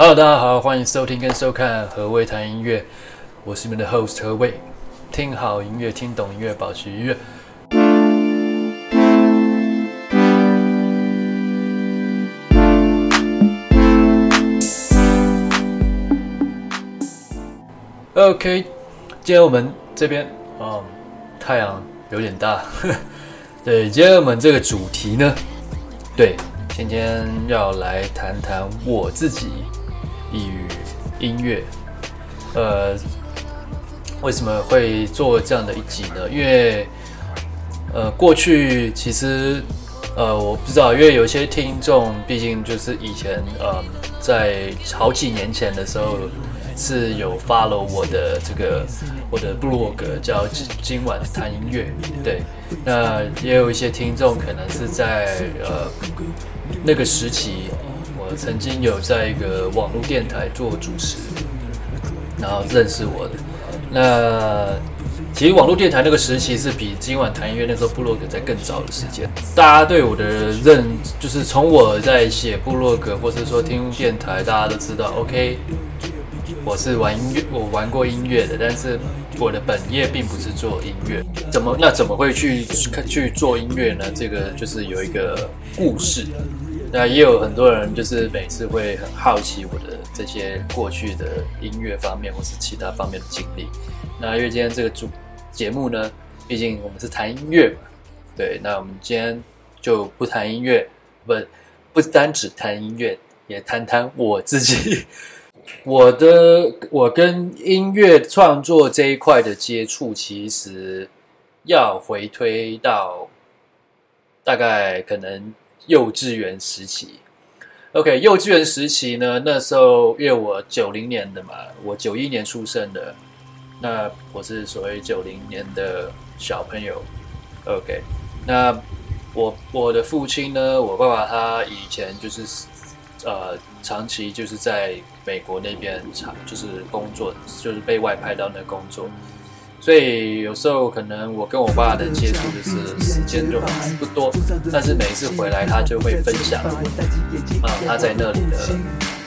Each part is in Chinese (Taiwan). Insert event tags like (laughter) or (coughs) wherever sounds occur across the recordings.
Hello, 大家好，歡迎收聽跟收看何謂談音樂，我是你們的 host 何謂，聽好音樂，聽懂音樂，保持音樂。OK，今天我們這邊哦、嗯，太陽有點大呵呵。對，今天我們這個主題呢，對，今天要來談談我自己。音樂，呃，為什麼會做這樣的一集呢？因為，呃，過去其實，呃，我不知道，因為有些聽眾畢竟就是以前，呃，在好幾年前的時候是有 follow 我的這個我的 blog，叫今晚彈音樂，對。那也有一些聽眾可能是在呃那個時期。曾經有在一個網絡電台做主持，然後認識我的。那其實網絡電台那個時期是比今晚談音樂那時候部落格在更早的時間。大家對我的認，就是從我在寫部落格或是說聽電台，大家都知道。OK，我是玩音樂，我玩過音樂的，但是我的本業並不是做音樂。怎麼那怎麼會去去做音樂呢？這個就是有一個故事。那也有很多人，就是每次會很好奇我的這些過去的音樂方面或是其他方面的經歷。那因為今天這個主節目呢，畢竟我們是談音樂嘛，對。那我們今天就不談音樂，不不單只談音樂，也談談我自己。 (laughs) 我的，我跟音樂創作這一塊的接觸，其實要回推到大概可能。幼稚園時期，OK，幼稚園時期呢，那時候因為我九零年的嘛，我九一年出生的，那我是所謂九零年的小朋友。OK，那我我的父親呢，我爸爸他以前就是呃，長期就是在美國那邊長，就是工作，就是被外派到那工作。所以有時候可能我跟我爸的接觸就是時間就不多，但是每一次回來他就會分享，呃，他在那裡的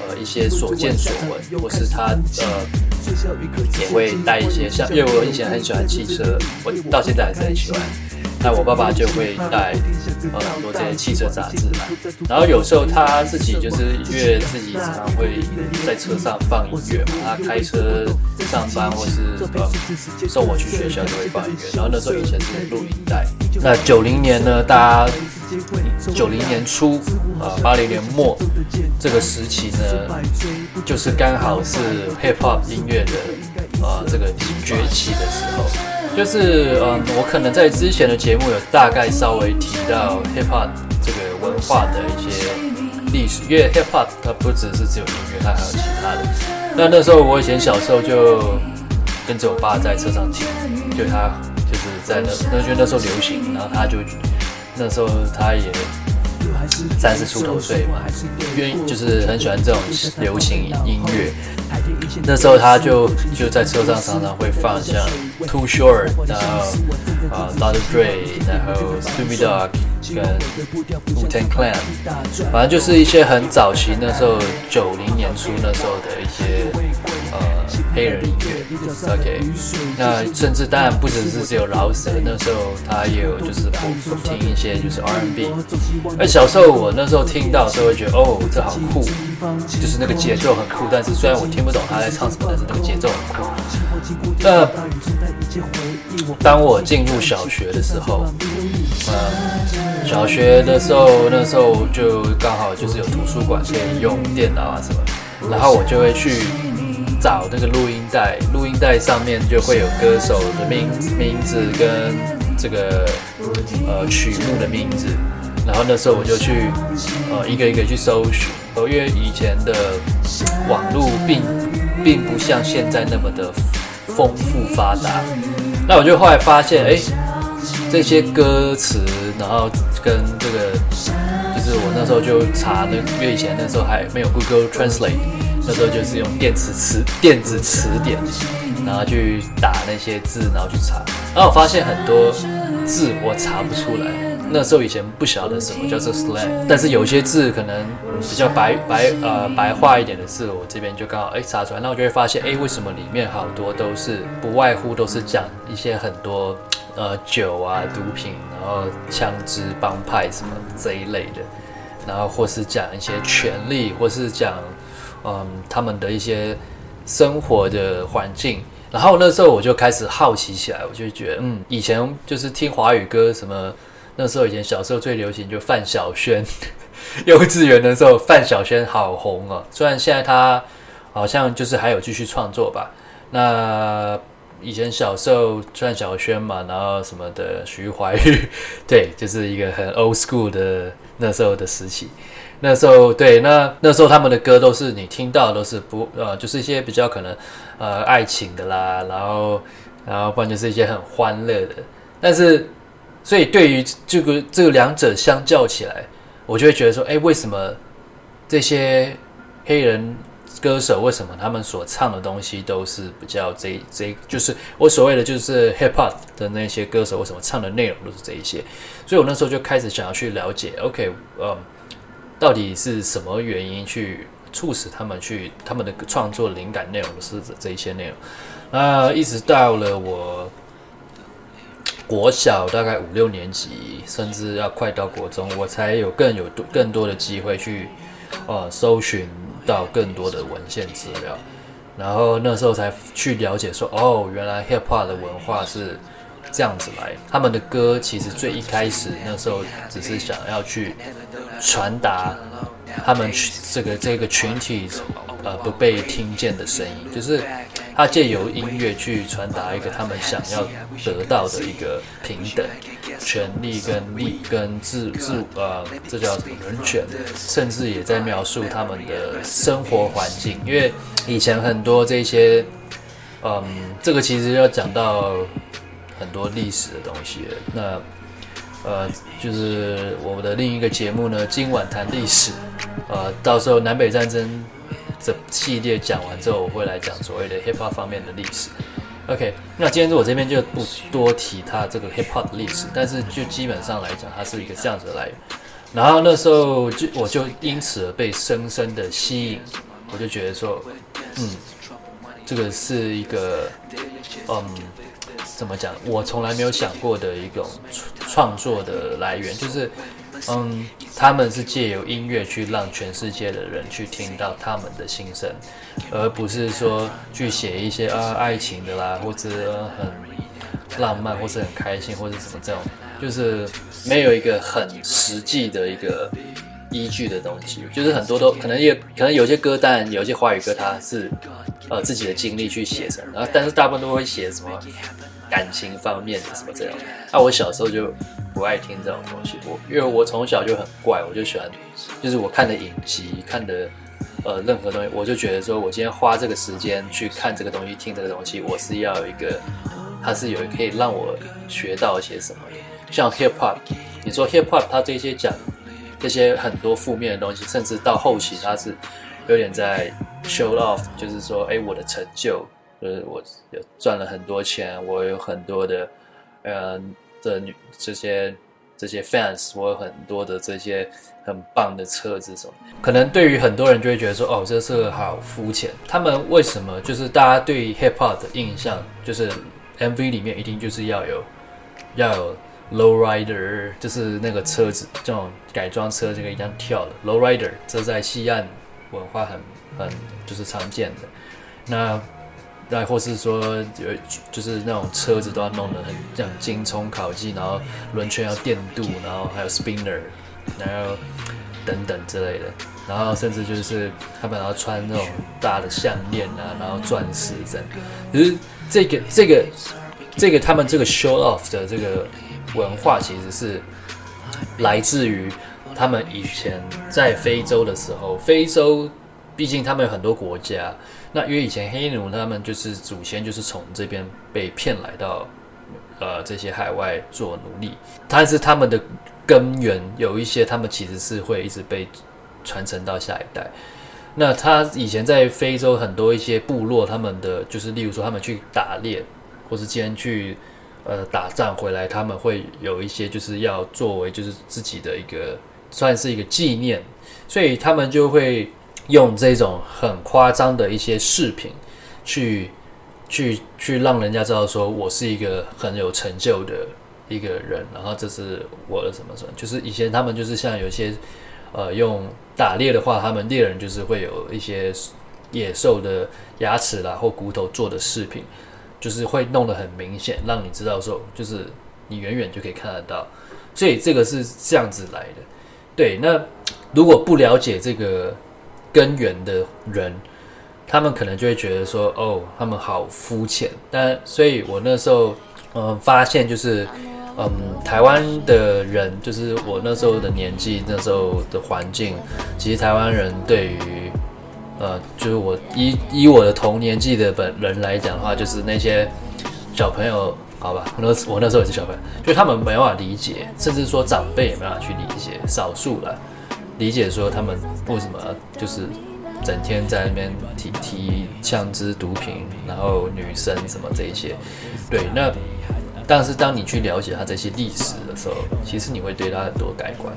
呃一些所見所聞，或是他呃也會帶一些像，因為我以前很喜歡汽車，我到現在還是很喜歡。那我爸爸就會帶呃、啊、很多這些汽車雜誌來，然後有時候他自己就是因為自己常常會在車上放音樂嘛，他、啊、開車上班或是呃、啊、送我去學校都會放音樂。然後那時候以前是錄音帶。那九零年呢，大家九零年初啊，八零年末這個時期呢，就是剛好是 hip hop 音樂的呃、啊、這個崛起的時候。就是嗯，我可能在之前的節目有大概稍微提到 Hip Hop 這個文化的一些歷史，因為 Hip Hop 它不只是只有音樂，它還有其他的。那那時候我以前小時候就跟着我爸在車上聽，就他就是在那個，那覺得那時候流行，然後他就那時候他也。三十出頭歲嘛，因為就是很喜歡這種流行音樂。那時候他就就在車上，上常常會放像 Too Short，然後啊，Dr.、uh, Dr. Dre，然後 Snoop Dogg，跟 Wu-Tang Clan，反正就是一些很早期那時候九零年初那時候的一些。黑人音樂，就是，OK，那甚至當然不只是只有饒舌，那時候他也有就是聽一些就是 R&B，而小時候我那時候聽到，就會覺得哦，這好酷，就是那個節奏很酷。但是雖然我聽不懂他在唱什麼，但是那個節奏很酷。那、呃、當我進入小學的時候，呃，小學的時候那時候就剛好就是有圖書館可以用電腦啊什麼，然後我就會去。找那個錄音帶，錄音帶上面就會有歌手的名名字跟這個呃曲目的名字，然後那時候我就去呃一個一個去搜尋，因為以前的網絡並並不像現在那麼的豐富發達，那我就後來發現哎、欸、這些歌詞，然後跟這個就是我那時候就查，那因為以前那時候還沒有 Google Translate。那時候就是用電子詞電子詞典，然後去打那些字，然後去查。然後我發現很多字我查不出來。那時候以前不曉得什麼叫做 slang，但是有些字可能比較白白呃白話一點的字，我這邊就剛好哎、欸、查出來。那我就會發現哎、欸，為什麼裡面好多都是不外乎都是講一些很多呃酒啊、毒品，然後槍支、幫派什麼這一類的，然後或是講一些權力，或是講。嗯，他們的一些生活的環境，然後那時候我就開始好奇起來，我就覺得，嗯，以前就是聽華語歌什麼，那時候以前小時候最流行就范曉萱， (laughs) 幼稚園的時候范曉萱好紅哦。雖然現在她好像就是還有繼續創作吧。那以前小時候范曉萱嘛，然後什麼的徐懷鈺，對，就是一個很 old school 的那時候的時期。那時候，對，那那時候他們的歌都是你聽到的都是不，呃，就是一些比較可能，呃，愛情的啦，然後然後不然就是一些很歡樂的。但是，所以對於這個這個兩者相較起來，我就會覺得說，哎，為什麼這些黑人歌手為什麼他們所唱的東西都是比較這這，就是我所謂的就是 Hip Hop 的那些歌手為什麼唱的內容都是這一些？所以我那時候就開始想要去了解，OK，嗯。到底是什麼原因去促使他們去他們的創作靈感內容是這一些內容？那一直到了我國小大概五六年級，甚至要快到國中，我才有更有更多的機會去呃、啊、搜尋到更多的文獻資料，然後那時候才去了解說哦，原來 hip hop 的文化是這樣子來的，他們的歌其實最一開始那時候只是想要去。傳達他們這個這個群體，呃，不被聽見的聲音，就是他借由音樂去傳達一個他們想要得到的一個平等權利跟力跟自自呃，這叫什麼人權？甚至也在描述他們的生活環境，因為以前很多這些，嗯、呃，這個其實要講到很多歷史的東西，那。呃，就是我們的另一個節目呢，今晚談歷史。呃，到時候南北戰爭這系列講完之後，我會來講所謂的 Hip Hop 方面的歷史。OK，那今天我這邊就不多提它這個 Hip Hop 的歷史，但是就基本上來講，它是一個這樣子的來源。然後那時候就我就因此而被深深的吸引，我就覺得說，嗯，這個是一個，嗯。怎麼講？我從來沒有想過的一種創作的來源，就是，嗯，他們是借由音樂去讓全世界的人去聽到他們的心聲，而不是說去寫一些啊愛情的啦，或者很浪漫，或者很開心，或者什麼這種，就是沒有一個很實際的一個依據的東西。就是很多都可能也可能有些歌，但有些華語歌它是呃自己的經歷去寫成，啊，但是大部分都會寫什麼？感情方面的什麼這樣的？那、啊、我小時候就不愛聽這種東西，我因為我從小就很怪，我就喜歡，就是我看的影集，看的呃任何東西，我就覺得說，我今天花這個時間去看這個東西，聽這個東西，我是要有一個，它是有可以讓我學到一些什麼的。像 hip hop，你說 hip hop，它這些講這些很多負面的東西，甚至到後期它是有點在 show off，就是說，哎，我的成就。就是我賺了很多錢，我有很多的，嗯、呃、的女這些這些 fans，我有很多的這些很棒的車子什麼。可能對於很多人就會覺得說，哦，這是個好膚淺。他們為什麼就是大家對 hip hop 的印象，就是 MV 裡面一定就是要有要有 low rider，就是那個車子這種改裝車這個一定要跳的 low rider，這在西岸文化很很就是常見的。那再或是說有，有就是那種車子都要弄得很像精沖烤漆，然後輪圈要電鍍，然後還有 spinner，然後等等之類的，然後甚至就是他們要穿那種大的項鏈啊，然後鑽石這樣。其實這個這個這個他們這個 show off 的這個文化，其實是來自於他們以前在非洲的時候。非洲畢竟他們有很多國家。那因為以前黑奴他們就是祖先，就是從這邊被騙來到，呃，這些海外做奴隸，但是他們的根源有一些，他們其實是會一直被傳承到下一代。那他以前在非洲很多一些部落，他們的就是，例如說他們去打獵，或是今天去呃打仗回來，他們會有一些就是要作為就是自己的一個算是一個紀念，所以他們就會。用這種很誇張的一些飾品去，去去去，讓人家知道說我是一個很有成就的一個人，然後這是我的什麼什麼，就是以前他們就是像有些呃用打獵的話，他們獵人就是會有一些野獸的牙齒啦或骨頭做的飾品，就是會弄得很明顯，讓你知道說，就是你遠遠就可以看得到，所以這個是這樣子來的。對，那如果不了解這個。根源的人，他們可能就會覺得說：“哦，他們好膚淺。”但所以，我那時候，嗯、呃，發現就是，嗯，台灣的人，就是我那時候的年紀，那時候的環境，其實台灣人對於，呃，就是我以以我的同年紀的本人來講的話，就是那些小朋友，好吧，那我那時候也是小朋友，就他們沒辦法理解，甚至說長輩也沒辦法去理解，少數了。理解說他們為什麼就是整天在那邊提提槍支、毒品，然後女生什麼這一些，對那，但是當你去了解他這些歷史的時候，其實你會對他很多改觀。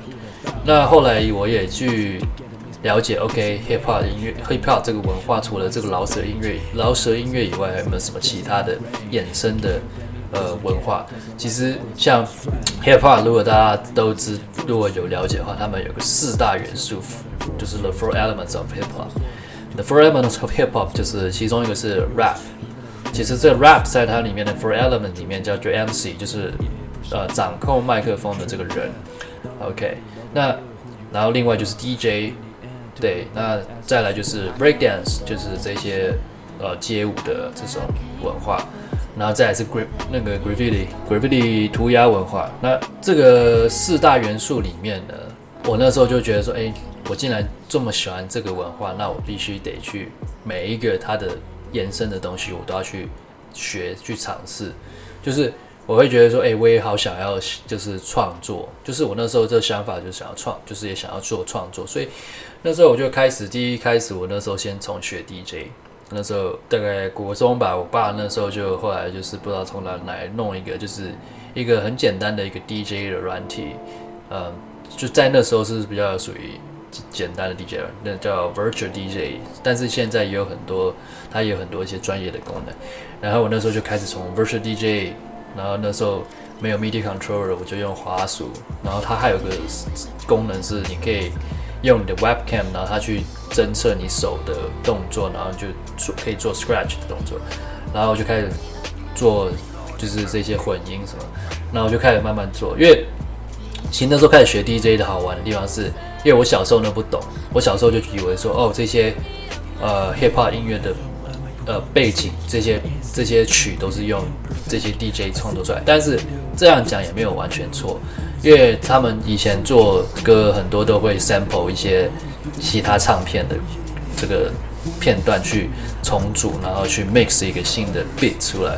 那後來我也去了解，OK，hip hop 音樂，hip hop 這個文化，除了這個饒舌音樂、饒舌音樂以外，還有沒有什麼其他的衍生的？呃，文化其實像 hip hop，如果大家都知，如果有了解的話，他們有個四大元素，就是 the four elements of hip hop。The four elements of hip hop 就是其中一個是 rap。其實這個 rap 在它裡面的 four elements 裡面叫做 MC，就是呃掌控麥克風的這個人。OK，那然後另外就是 DJ，對，那再來就是 break dance，就是這些呃街舞的這種文化。然後再來是 gr 那個 graffiti graffiti 塗鴉文化。那這個四大元素裡面呢，我那時候就覺得說，哎、欸，我竟然這麼喜歡這個文化，那我必須得去每一個它的延伸的東西，我都要去學去嘗試。就是我會覺得說，哎、欸，我也好想要，就是創作。就是我那時候這個想法就是想要創，就是也想要做創作。所以那時候我就開始第一開始，我那時候先從學 DJ。那時候大概國中吧，我爸那時候就後來就是不知道從哪來弄一個，就是一個很簡單的一個 DJ 的軟體，嗯，就在那時候是比較屬於簡單的 DJ，那叫 Virtual DJ，但是現在也有很多，它也有很多一些專業的功能。然後我那時候就開始從 Virtual DJ，然後那時候沒有 MIDI controller，我就用滑鼠，然後它還有個功能是你可以。用你的 webcam，然後它去偵測你手的動作，然後就做可以做 scratch 的動作，然後就開始做就是這些混音什麼，然後我就開始慢慢做，因為其實那時候開始學 DJ 的好玩的地方是，因為我小時候呢不懂，我小時候就以為說哦這些呃 Hip Hop 音樂的呃背景這些這些曲都是用這些 DJ 創作出來，但是這樣講也沒有完全錯。因為他們以前做歌很多都會 sample 一些其他唱片的這個片段去重組，然後去 mix 一個新的 beat 出來。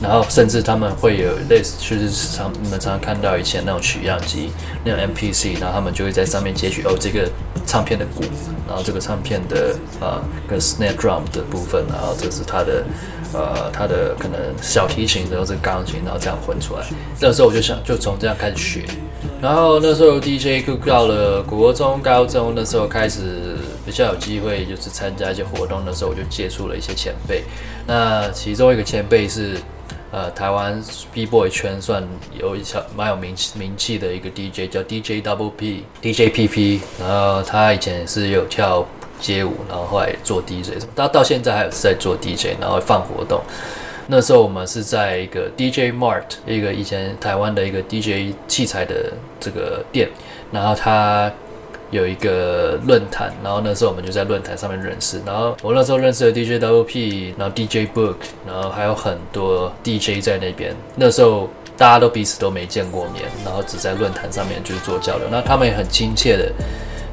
然後甚至他們會有類似，就是常你們常常看到以前那種取樣機，那種 MPC 然後他們就會在上面截取哦，這個唱片的鼓，然後這個唱片的啊、呃，跟 snare drum 的部分，然後這是它的呃，它的可能小提琴，然後是鋼琴，然後這樣混出來。那時候我就想，就從這樣開始學。然後那時候 DJ 酷到了國中、高中，那時候開始比較有機會，就是參加一些活動的時候，我就接觸了一些前輩。那其中一個前輩是。呃，台灣 B Boy 圈算有一小蠻有名氣名氣的一個 DJ 叫 DJ WP，DJ PP，然後他以前是有跳街舞，然後後來做 DJ，他到現在還有在做 DJ，然後放活動。那時候我們是在一個 DJ Mart，一個以前台灣的一個 DJ 器材的這個店，然後他。有一個論壇，然後那時候我們就在論壇上面認識，然後我那時候認識了 DJ WP，然後 DJ Book，然後還有很多 DJ 在那邊。那時候大家都彼此都沒見過面，然後只在論壇上面就是做交流。那他們也很親切的。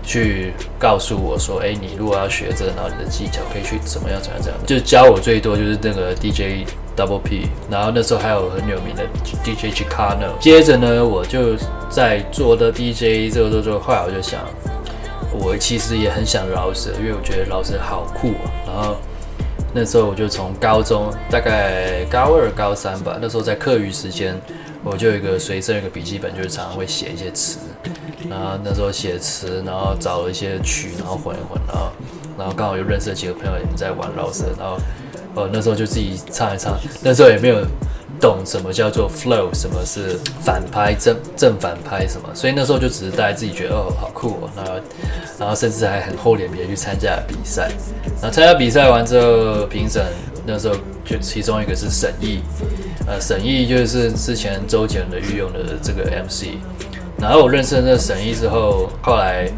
去告訴我說，哎、欸，你如果要學這，然後你的技巧可以去怎麼樣，怎樣，怎樣？就教我最多就是那個 DJ Double P，然後那時候還有很有名的 DJ Chicano。接着呢，我就在做的 DJ 這個做做做，後來我就想，我其實也很想饒舌，因為我覺得饒舌好酷喔。然後那時候我就從高中，大概高二、高三吧，那時候在課餘時間。我就有一個隨身一個筆記本，就是常常會寫一些詞，然後那時候寫詞，然後找一些曲，然後混一混，然後，然後剛好又認識了幾個朋友也在玩饒舌，然後，哦那時候就自己唱一唱，那時候也沒有。懂什麼叫做 flow，什麼是反拍、正正反拍什麼，所以那時候就只是大家自己覺得哦好酷哦，然後然後甚至還很厚臉皮去參加，加比賽。然後參加比賽完之後，評審那時候就其中一個是沈毅，呃，沈毅就是之前周杰倫的御用的這個 MC。然後我認識了沈毅之後，後來。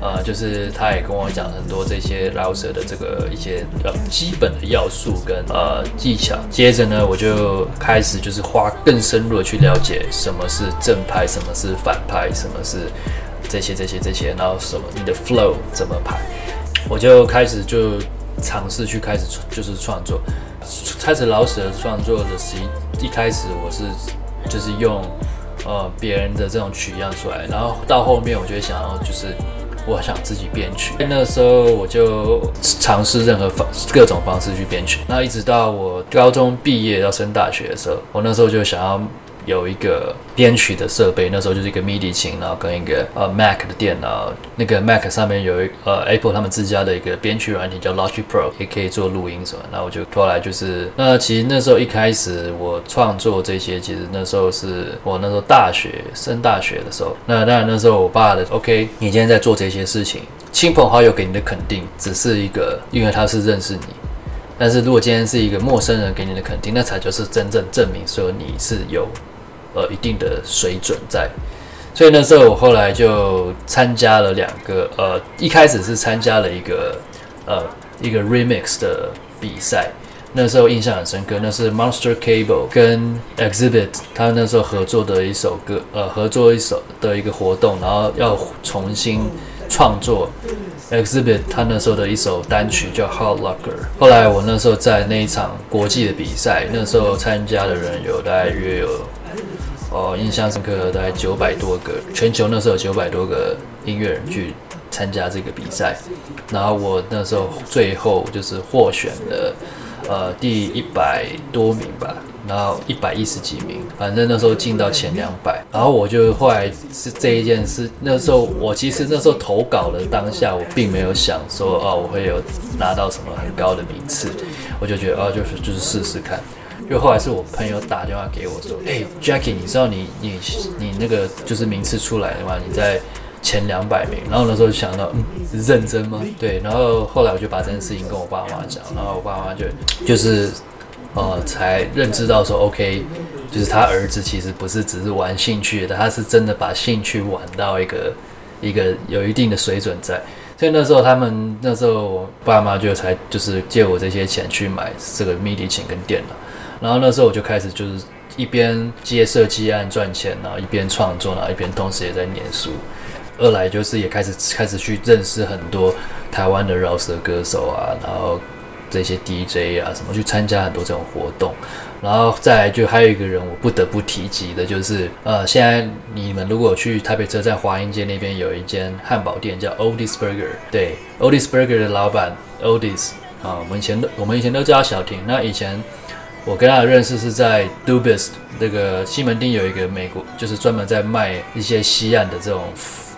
呃，就是他也跟我講很多這些饒舌的這個一些呃基本的要素跟呃技巧。接着呢，我就開始就是花更深入的去了解什麼是正拍，什麼是反拍，什麼是這些這些這些，然後什麼你的 flow 怎麼拍，我就開始就嘗試去開始就是創作，開始饒舌創作的時一開始我是就是用呃別人的這種取樣出來，然後到後面我就想要就是。我想自己編曲。那時候我就嘗試任何方各種方式去編曲。那一直到我高中畢業要升大學的時候，我那時候就想要。有一個編曲的設備，那時候就是一個 MIDI 鋼琴，然後跟一個呃 Mac 的電腦，那個 Mac 上面有一呃 Apple 他們自家的一個編曲軟件叫 Logic Pro，也可以做錄音什麼。那我就拖來就是，那其實那時候一開始我創作這些，其實那時候是我那時候大學升大學的時候。那當然那時候我爸的 OK，你今天在做這些事情，親朋好友給你的肯定只是一個，因為他是認識你。但是如果今天是一個陌生人，給你的肯定，那才就是真正證明說你是有。呃，一定的水準在，所以那時候我後來就參加了兩個，呃，一開始是參加了一個，呃，一個 remix 的比賽。那時候印象很深刻，那是 Monster Cable 跟 Exhibit 他那時候合作的一首歌，呃，合作一首的一個活動，然後要重新創作 Exhibit 他那時候的一首單曲叫 Hard Locker。後來我那時候在那一場國際的比賽，那時候參加的人有大約有。哦，印象深刻的大概九百多個，全球那時候有九百多個音樂人去參加這個比賽，然後我那時候最後就是獲選了呃，第一百多名吧，然後一百一十幾名，反正那時候進到前兩百，然後我就後來是這一件事，那時候我其實那時候投稿的當下，我並沒有想說啊、哦，我會有拿到什麼很高的名次，我就覺得啊、哦，就是就是試試看。就後來是我朋友打電話給我說：“哎，Jackie，你知道你你你那個就是名次出來的話，你在前兩百名。”然後那時候想到，嗯，認真嗎？對。然後後來我就把這件事情跟我爸媽講，然後我爸媽就就是呃才認知到說，OK，就是他兒子其實不是只是玩興趣的，他是真的把興趣玩到一個一個有一定的水準在。所以那時候他們那時候我爸媽就才就是借我這些錢去買這個 MIDI 琴跟電腦。然後那時候我就開始就是一邊接設計案賺錢然後一邊創作然後一邊同時也在念書。二來就是也開始開始去認識很多台灣的饒舌歌手啊，然後這些 DJ 啊什麼去參加很多這種活動。然後再來就還有一個人我不得不提及的就是，呃，現在你們如果去台北車站華陰街那邊有一間漢堡店叫 Oldies Burger，對，Oldies Burger 的老板 Oldies 啊、呃，我們以前都我們以前都叫小婷，那以前。我跟他的認識是在 Dubis 那個西門町有一個美國，就是專門在賣一些西岸的這種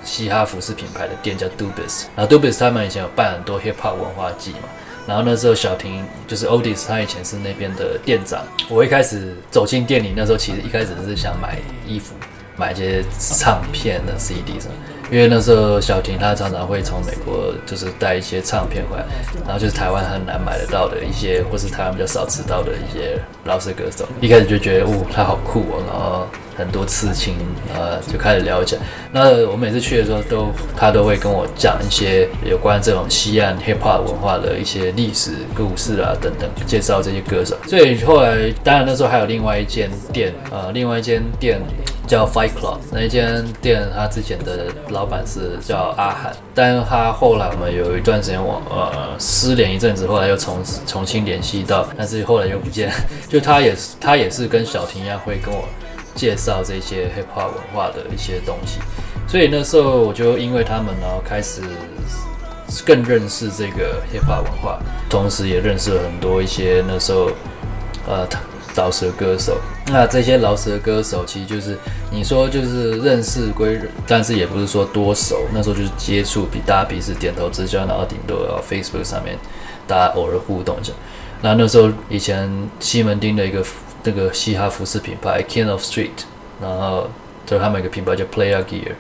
嘻哈服飾品牌的店，叫 Dubis，然後 Dubis 他們以前有辦很多 Hip Hop 文化祭嘛。然後那時候小婷就是 Odys，他以前是那邊的店長。我一開始走進店裡那時候，其實一開始是想買衣服。買一些唱片的 CD 什麼，因為那時候小婷她常常會從美國就是帶一些唱片回來，然後就是台灣很難買得到的一些，或是台灣比較少知道的一些饒舌歌手。一開始就覺得哦，他好酷哦，然後很多刺青啊，就開始了解。那我每次去的時候都，他都會跟我講一些有關這種西岸 hip hop 文化的一些歷史故事啊等等，介紹這些歌手。所以後來，當然那時候還有另外一間店，啊，另外一間店。叫 Fight Club 那一間店，他之前的老闆是叫阿涵，但他後來，我們有一段時間我呃失聯一陣子，後來又重重新聯繫到，但是後來又不見。就他也是，他也是跟小婷一樣會跟我介紹這些 hip hop 文化的一些東西，所以那時候我就因為他們然後開始更認識這個 hip hop 文化，同時也認識了很多一些那時候呃。饒舌歌手，那這些饒舌歌手其實就是你說，就是認識歸認識，但是也不是說多熟。那時候就是接觸比，比大家彼此點頭之交，然後頂多啊 Facebook 上面大家偶爾互動一下。那那時候，以前西門町的一個那個嘻哈服飾品牌 King of Street，然後就是他們一個品牌叫 Player Gear。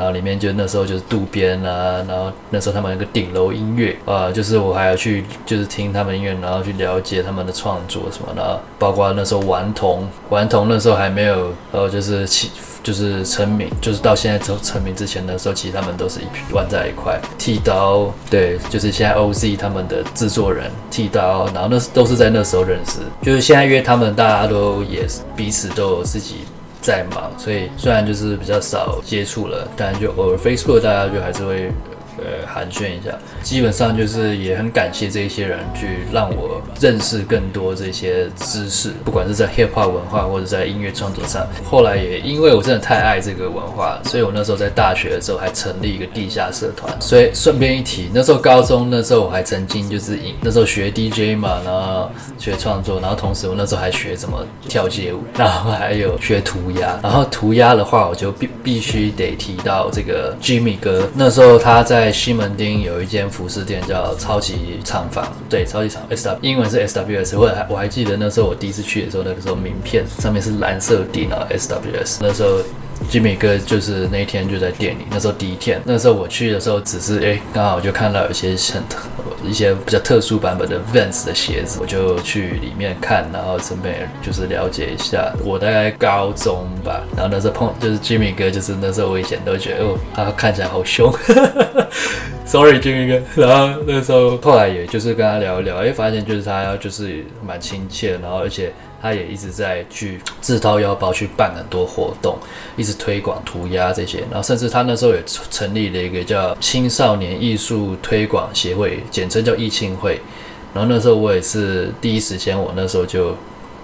然後裡面就那時候就是渡邊啊，然後那時候他們有個頂樓音樂啊、呃，就是我還要去就是聽他們音樂，然後去了解他們的創作什麼的，然後包括那時候頑童，頑童那時候還沒有呃就是起就是成名，就是到現在成成名之前的時候，其實他們都是一批，玩在一塊，剃刀，對，就是現在 OZ 他們的製作人剃刀，然後那都是在那時候認識，就是現在約他們，大家都也是彼此都有自己在忙，所以雖然就是比較少接觸了，但就偶爾 Facebook 大家就還是會。呃，寒暄一下，基本上就是也很感謝這一些人去讓我認識更多這些知識，不管是在 Hip Hop 文化或者在音樂創作上。後來也因為我真的太愛這個文化，所以我那時候在大學的時候還成立一個地下社團。所以順便一提，那時候高中那時候我還曾經就是那時候學 DJ 嘛，然後學創作，然後同時我那時候還學怎麼跳街舞，然後還有學塗鴉。然後塗鴉的話，我就必必須得提到這個 Jimmy 哥，那時候他在。西門町有一間服飾店叫超級廠房，對，超級廠 S W，英文是 S W S。我還我還記得那時候我第一次去的時候，那個時候名片上面是藍色底腦 S W S。那時候。Jimmy 哥就是那一天就在店裡，那時候第一天，那時候我去的時候只是哎，剛、欸、好就看到有一些很一些比較特殊版本的 Vans 的鞋子，我就去裡面看，然後順便就是了解一下。我大概高中吧，然後那時候碰就是 Jimmy 哥，就是那時候我以前都覺得哦，他看起來好凶，哈 (laughs) 哈。Sorry，Jimmy 哥。然後那時候後來也就是跟他聊一聊，哎、欸，發現就是他就是蠻親切，然後而且。他也一直在去自掏腰包去辦很多活動，一直推廣塗鴉這些。然後，甚至他那時候也成立了一個叫青少年藝術推廣協會，簡稱叫藝慶會。然後那時候我也是第一時間，我那時候就。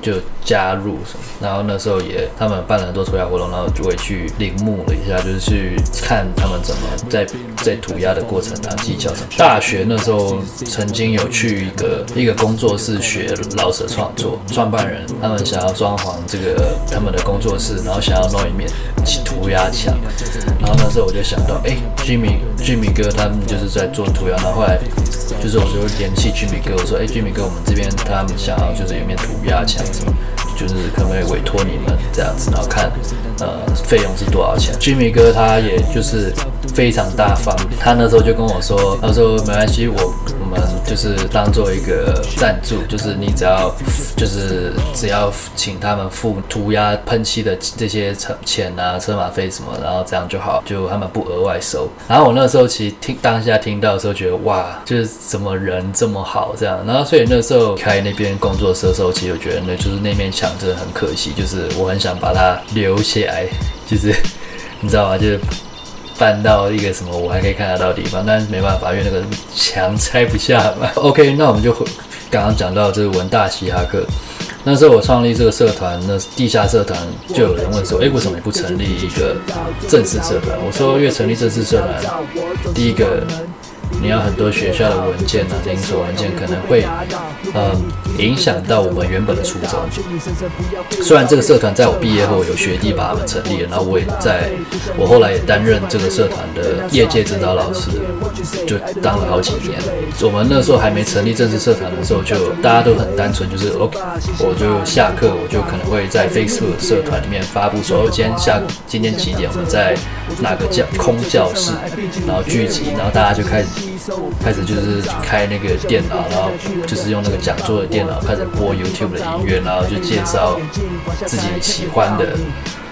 就加入什麼，然後那時候也他們辦了很多塗鴉活動，然後就會去臨摹了一下，就是去看他們怎麼在在塗鴉的過程啊技巧什麼。大學那時候曾經有去一個一個工作室學老舍創作創辦人，他們想要裝潢這個他們的工作室，然後想要弄一面塗鴉牆，然後那時候我就想到、欸，哎 Jimmy，Jimmy 哥他們就是在做塗鴉，然後後來就是我就會聯繫 Jimmy 哥，我說、欸，哎，Jimmy 哥，我們這邊他們想要就是一面塗鴉牆。什麼就是，可能會委托你們這樣子，然後看，呃，費用是多少錢。Jimmy 哥他也就是非常大方，他那時候就跟我說，他說沒關係，我。嗯、就是當做一個贊助，就是你只要，就是只要請他們付塗鴉噴漆的這些錢啊、車馬費什麼，然後這樣就好，就他們不額外收。然後我那時候其實聽當下聽到的時候，覺得哇，就是怎麼人這麼好這樣。然後所以那時候開那邊工作室的時候，其實我覺得呢，就是那面牆真的很可惜，就是我很想把它留下來，就是你知道嗎，就是。搬到一個什麼我還可以看得到的地方，但沒辦法，因為那個牆拆不下嘛。OK，那我們就剛剛講到就是文大嘻哈課，那時候我創立這個社團，那地下社團就有人問說，誒、欸，為什麼你不成立一個正式社團？我說，因為成立正式社團，第一個。你要很多學校的文件啊，連鎖文件可能會，呃，影響到我們原本的初衷。雖然這個社團在我畢業後有學弟把他們成立了，然後我也在，我後來也擔任這個社團的業界指導老師，就當了好幾年。我們那時候還沒成立正式社團的時候，就大家都很單純，就是 OK，我就下課，我就可能會在 Facebook 社團裡面發布，說今天下今天幾點我們在。那個教空教室，然後聚集，然後大家就開始開始就是開那個電腦，然後就是用那個講座的電腦開始播 YouTube 的音樂，然後就介紹自己喜歡的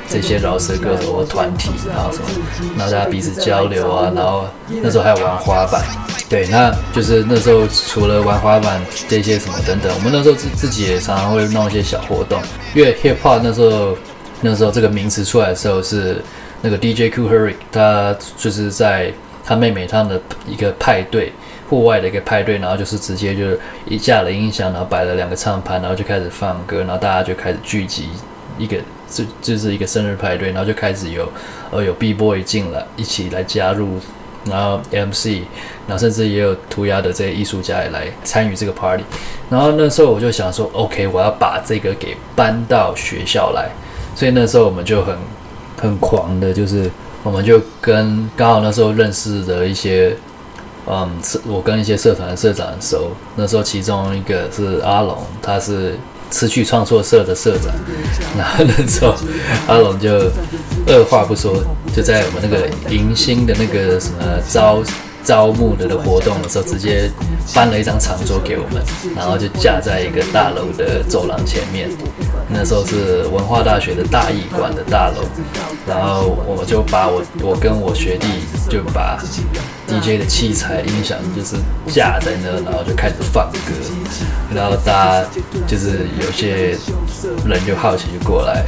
這些饒舌歌手或團體，然後什麼，然後大家彼此交流啊，然後那時候還有玩滑板，對，那就是那時候除了玩滑板這些什麼等等，我們那時候自自己也常常會弄一些小活動，因為 Hip Hop 那時候那時候這個名詞出來的時候是。那個 DJ Kool Herc，他就是在他妹妹他們的一個派對，戶外的一個派對，然後就是直接就是一架了音響，然後擺了兩個唱盤，然後就開始放歌，然後大家就開始聚集一個，就就是一個生日派對，然後就開始有呃有 B boy 進來，一起來加入，然後 MC，然後甚至也有塗鴉的這些藝術家也來參與這個 party，然後那時候我就想說，OK，我要把這個給搬到學校來，所以那時候我們就很。很狂的，就是我們就跟剛好那時候認識的一些，嗯，我跟一些社團的社長熟，那時候其中一個是阿龍，他是詞曲創作社的社長，然後那時候阿龍就二話不說，就在我們那個迎新的那個什麼招。招募的的活動的時候，直接搬了一張長桌給我們，然後就架在一個大樓的走廊前面。那時候是文化大學的大義館的大樓，然後我就把我我跟我學弟就把 DJ 的器材音響就是架在那，然後就開始放歌，然後大家就是有些人就好奇就過來，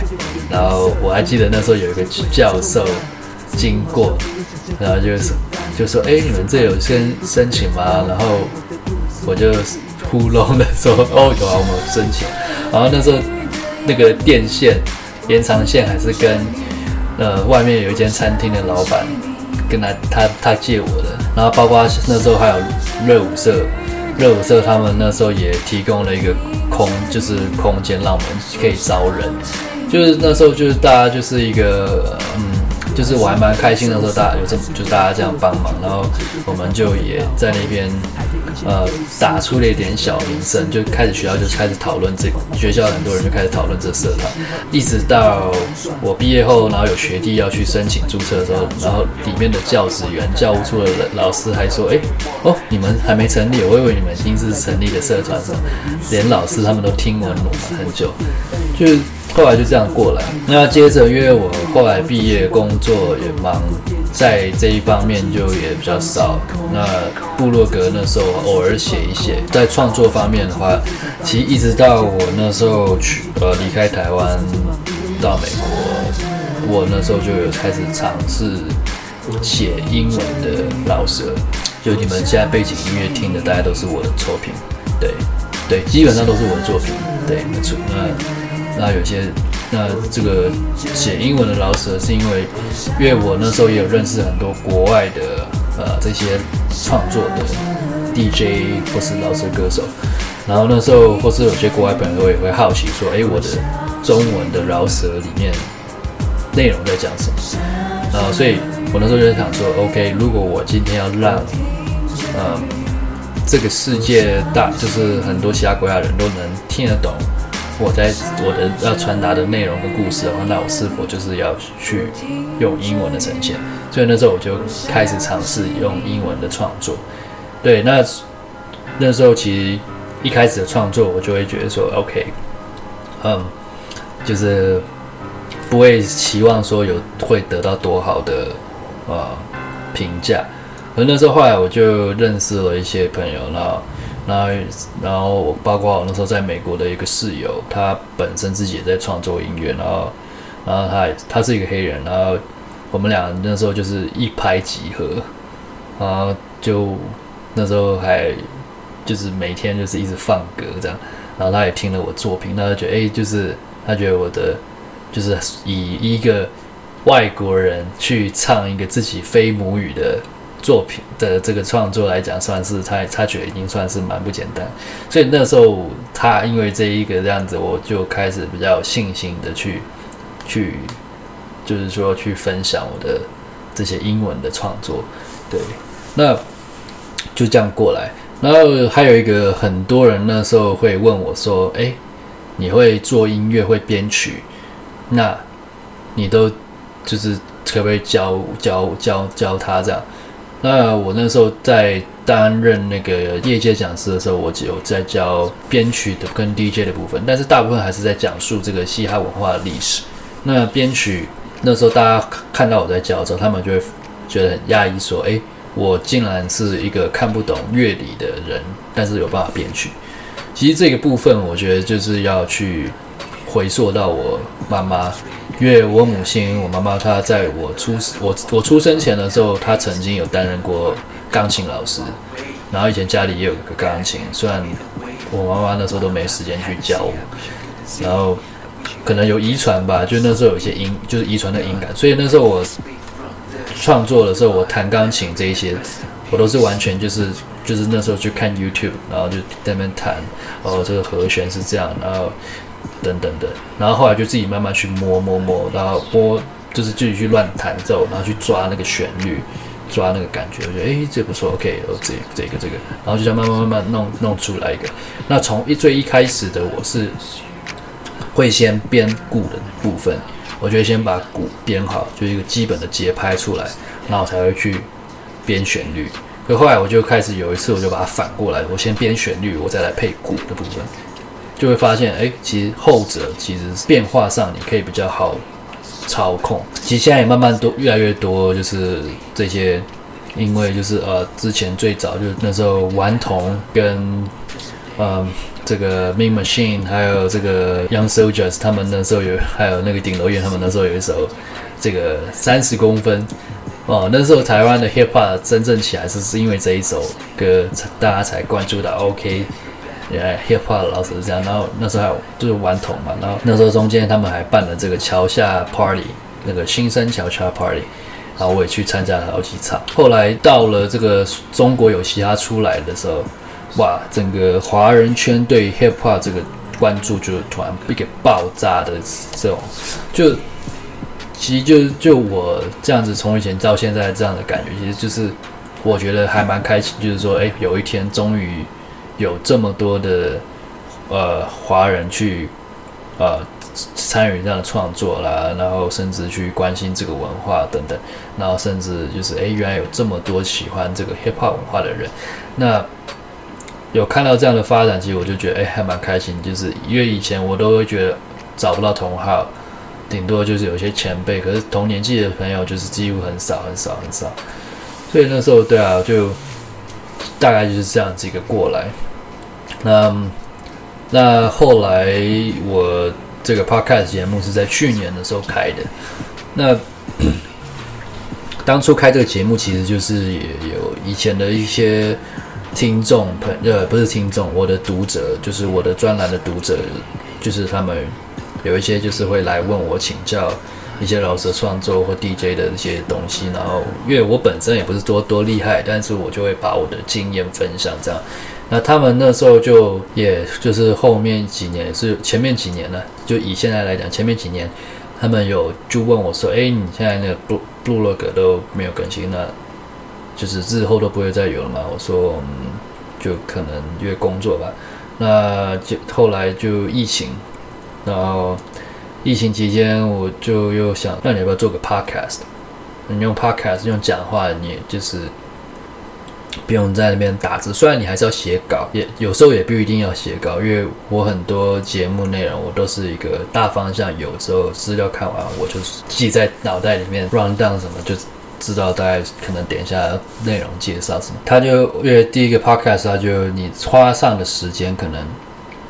然後我還記得那時候有一個教授經過。然後就是，就說，哎，你們這有先申請嗎？然後我就呼嚕的說，哦，有啊，我們有申請。然後那時候那個電線延長線還是跟呃外面有一間餐廳的老闆跟他他他借我的。然後包括那時候還有熱舞社，熱舞社他們那時候也提供了一個空，就是空間讓我們可以招人。就是那時候就是大家就是一個嗯。就是我還蠻開心的時候，大家有這麼就大家這樣幫忙，然後我們就也在那邊呃打出了一點小名聲，就開始學校就開始討論這個、學校很多人就開始討論這個社團，一直到我畢業後，然後有學弟要去申請註冊的時候，然後裡面的教職員教務處的老師還說：“哎哦，你們還沒成立，我以為你們已經是成立的社團了。”連老師他們都聽聞了我們很久。就後來就這樣過來。那接着，因為我後來畢業工作也忙，在這一方面就也比較少。那部落格那時候偶爾寫一寫。在創作方面的話，其實一直到我那時候去呃離開台灣到美國，我那時候就有開始嘗試寫英文的饒舌。就你們現在背景音樂聽的，大概都是我的作品。對，對，基本上都是我的作品。對，沒錯。那。那有些，那這個寫英文的饒舌是因為，因為我那時候也有認識很多國外的呃這些創作的 DJ 或是饒舌歌手，然後那時候或是有些國外朋友也會好奇說，哎、欸，我的中文的饒舌裡面內容在講什麼？啊、呃，所以我那時候就想說，OK，如果我今天要讓嗯、呃、這個世界大，就是很多其他國家的人都能聽得懂。我在我的要傳達的內容跟故事的話，那我是否就是要去用英文的呈現？所以那時候我就開始嘗試用英文的創作。對，那那時候其實一開始的創作，我就會覺得說，OK，嗯，就是不會期望說有會得到多好的呃評價。而、嗯、那時候後來我就認識了一些朋友，然後。然後，然後我包括我那時候在美國的一個室友，他本身自己也在創作音樂，然後，然後他他是一個黑人，然後我們倆那時候就是一拍即合，然後就那時候還就是每天就是一直放歌這樣，然後他也聽了我作品，他覺得哎，就是他覺得我的就是以一個外國人去唱一個自己非母語的。作品的這個創作來講，算是他，他覺得已經算是蠻不簡單，所以那時候他因為這一個這樣子，我就開始比較有信心的去去，就是說去分享我的這些英文的創作，對，那就這樣過來。然後還有一個很多人那時候會問我說：“哎、欸，你會做音樂，會編曲，那你都就是可不可以教教教教他這樣？”那我那時候在擔任那個業界講師的時候，我只有在教編曲的跟 DJ 的部分，但是大部分還是在講述這個嘻哈文化的歷史。那編曲那時候大家看到我在教之後，他們就會覺得很訝異，說：“哎、欸，我竟然是一個看不懂樂理的人，但是有辦法編曲。”其實這個部分，我覺得就是要去回溯到我媽媽。因為我母親，我媽媽，她在我出我我出生前的時候，她曾經有擔任過鋼琴老師，然後以前家裡也有一個鋼琴，雖然我媽媽那時候都沒時間去教我，然後可能有遺傳吧，就那時候有一些音，就是遺傳的音感，所以那時候我創作的時候，我彈鋼琴這一些，我都是完全就是就是那時候去看 YouTube，然後就在那邊彈，哦，這個和弦是這樣，然後。等等的，然後後來就自己慢慢去摸摸摸，然後撥，就是自己去亂彈奏，然後去抓那個旋律，抓那個感覺，我覺得哎，這不錯，OK，OK，這個、這個這個，然後就這樣慢慢慢慢弄弄出來一個。那從一最一開始的我是會先編鼓的部分，我覺得先把鼓編好，就一個基本的節拍出來，然後我才會去編旋律。可後來我就開始有一次我就把它反過來，我先編旋律，我再來配鼓的部分。就會發現，哎，其實後者其實變化上你可以比較好操控。其實現在也慢慢多越來越多，就是這些，因為就是呃，之前最早就是那時候頑童跟，呃，這個 Main Machine 還有這個 Young Soldiers，他們那時候有，還有那個頂樓院，他們那時候有一首這個三十公分，哦、呃，那時候台灣的 hip hop 真正起來是是因為這一首歌，大家才關注到 OK。也、yeah, hip hop 老師是這樣，然後那時候還就是頑童嘛，然後那時候中間他們還辦了這個橋下 party，那個新生橋下 party，然後我也去參加了好幾場。後來到了這個中國有嘻哈出來的時候，哇，整個華人圈對 hip hop 這個關注就是突然一個爆炸的這種，就其實就就我這樣子從以前到現在這樣的感覺，其實就是我覺得還蠻開心，就是說哎，有一天終於。有這麼多的呃華人去呃參與這樣的創作啦，然後甚至去關心這個文化等等，然後甚至就是哎、欸，原來有這麼多喜歡這個 Hip Hop 文化的人，那有看到這樣的發展，其實我就覺得哎、欸，還蠻開心，就是因為以前我都會覺得找不到同好，頂多就是有些前輩，可是同年紀的朋友就是幾乎很少很少很少，所以那時候對啊，就大概就是這樣子一個過來。那那後來，我這個 podcast 節目是在去年的時候開的。那 (coughs) 當初開這個節目，其實就是也有以前的一些聽眾朋呃，不是聽眾，我的讀者，就是我的專欄的讀者，就是他們有一些就是會來問我請教一些饒舌創作或 DJ 的一些東西。然後，因為我本身也不是多多厲害，但是我就會把我的經驗分享這樣。那他們那時候就，也就是後面幾年是前面幾年呢，就以現在來講，前面幾年，他們有就問我說，哎，你現在那個部部落格都沒有更新，那就是日後都不會再有了嗎？我說我，就可能因為工作吧。那就後來就疫情，然後疫情期間我就又想，那你要不要做個 podcast？你用 podcast 用講話，你就是。不用在那邊打字，雖然你還是要寫稿，也有時候也不一定要寫稿，因為我很多節目內容，我都是一個大方向，有時候資料看完，我就記在腦袋裡面 run down 什麼，就知道大概可能點一下內容介紹什麼。他就因為第一個 podcast 他就你花上的時間可能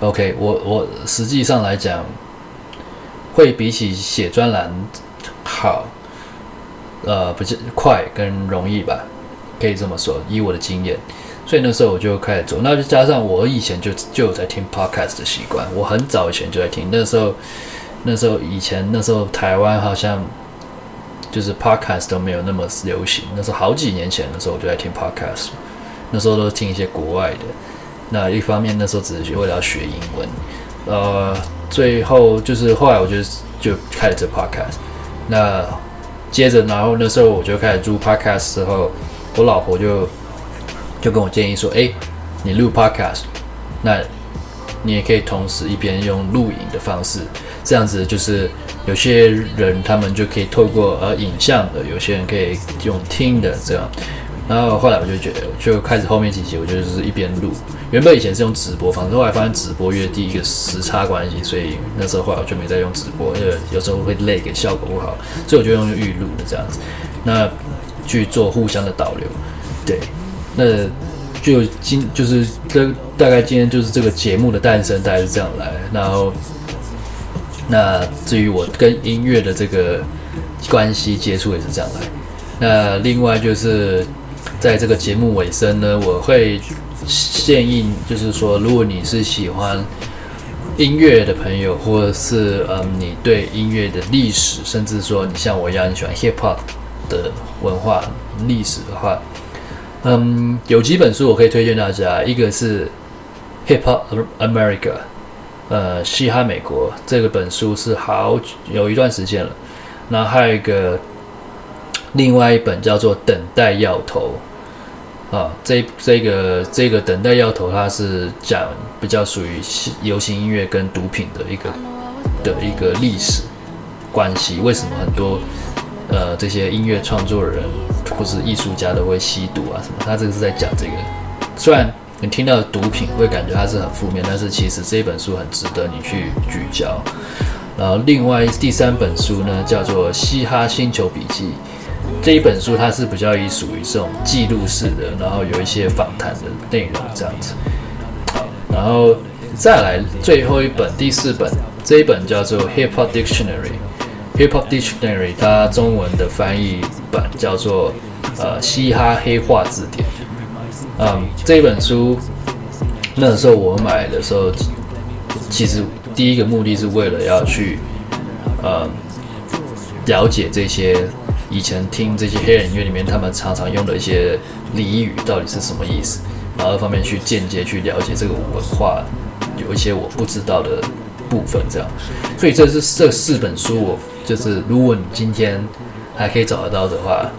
OK，我我實際上來講，會比起寫專欄好，呃，不是快跟容易吧？可以這麼說，以我的經驗，所以那時候我就開始做。那就加上我以前就就有在聽 podcast 的習慣，我很早以前就在聽。那時候，那時候以前那時候台灣好像就是 podcast 都沒有那麼流行。那時候好幾年前的時候，我就在聽 podcast。那時候都聽一些國外的。那一方面，那時候只是為了要學英文。呃，最後就是後來我就就開始做 podcast。那接着，然後那時候我就開始做 podcast 之後，我老婆就就跟我建議說：“誒、欸，你錄 Podcast，那你也可以同時一邊用錄影的方式，這樣子就是有些人他們就可以透過呃影像的，有些人可以用聽的這樣。然後後來我就覺得，就開始後面幾集，我覺得就是一邊錄。原本以前是用直播方式，反正後來發現直播越低，一個時差關係，所以那時候後來我就沒再用直播，因為有時候會累，效果不好，所以我就用預錄的這樣子。那。”去做互相的導流，對，那就今就是這大概今天就是這個節目的誕生，大概是這樣來。然後那至於我跟音樂的這個關係接觸也是這樣來。那另外就是在這個節目尾聲呢，我會建議，就是說，如果你是喜歡音樂的朋友，或者是嗯，你對音樂的歷史，甚至說你像我一樣你喜歡 Hip Hop 的。文化歷史的話，嗯，有幾本書我可以推薦大家，一個是《Hip Hop America》，呃，《嘻哈美國》這個本書是好有一段時間了。那還有一個，另外一本叫做《等待藥頭》啊，這這個這個《等待藥頭》，它是講比較屬於流行音樂跟毒品的一個的一個歷史關係，為什麼很多？呃，這些音樂創作的人或是藝術家都會吸毒啊什麼？他這個是在講這個。雖然你聽到毒品會感覺它是很負面，但是其實這一本書很值得你去聚焦。然後，另外第三本書呢，叫做《嘻哈星球筆記》。這一本書它是比較以屬於這種記錄式的，然後有一些訪談的內容這樣子。好，然後再來最後一本，第四本，這一本叫做《Hip Hop Dictionary》。Hip Hop Dictionary，它中文的翻譯版叫做呃嘻哈黑話字典。嗯，這本書那時候我買的時候，其實第一個目的是為了要去呃、嗯、了解這些以前聽這些黑人音樂裡面他們常常用的一些俚語到底是什麼意思，然後方便去間接去了解這個文化有一些我不知道的部分這樣。所以這是這四本書我。就是如果你今天還可以找得到的話，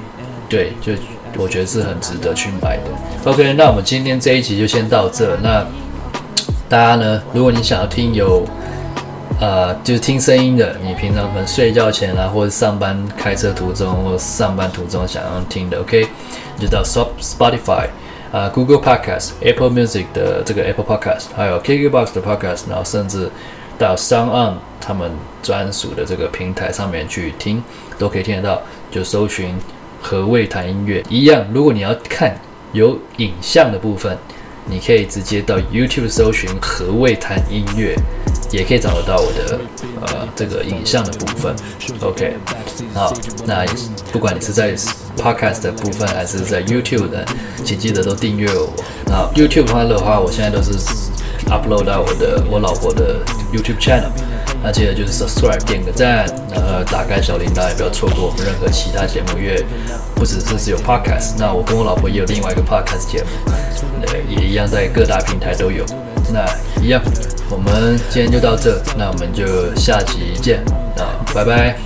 對，就我覺得是很值得去買的。OK，那我們今天這一集就先到這。那大家呢，如果你想要聽有呃，就是聽聲音的，你平常可能睡覺前啊，或者上班開車途中，或者上班途中想要聽的，OK，就到 Spotify 啊、呃、Google Podcast、Apple Music 的這個 Apple Podcast，還有 KKBOX 的 Podcast，然後甚至。到 SoundOn 他們專屬的這個平台上面去聽，都可以聽得到。就搜尋“何謂談音樂”一樣，如果你要看有影像的部分，你可以直接到 YouTube 搜尋“何謂談音樂”，也可以找得到我的呃這個影像的部分。OK，好，那不管你是在 Podcast 的部分還是在 YouTube 的，請記得都訂閱我。那 YouTube 的話，我現在都是。upload 到我的我老婆的 YouTube channel，那接着就是 subscribe 點個讚，然後打開小鈴鐺也不要錯過我們任何其他節目，因為不止這次有 podcast，那我跟我老婆也有另外一個 podcast 節目，也一樣在各大平台都有，那一樣，我們今天就到這，那我們就下集見，那拜拜。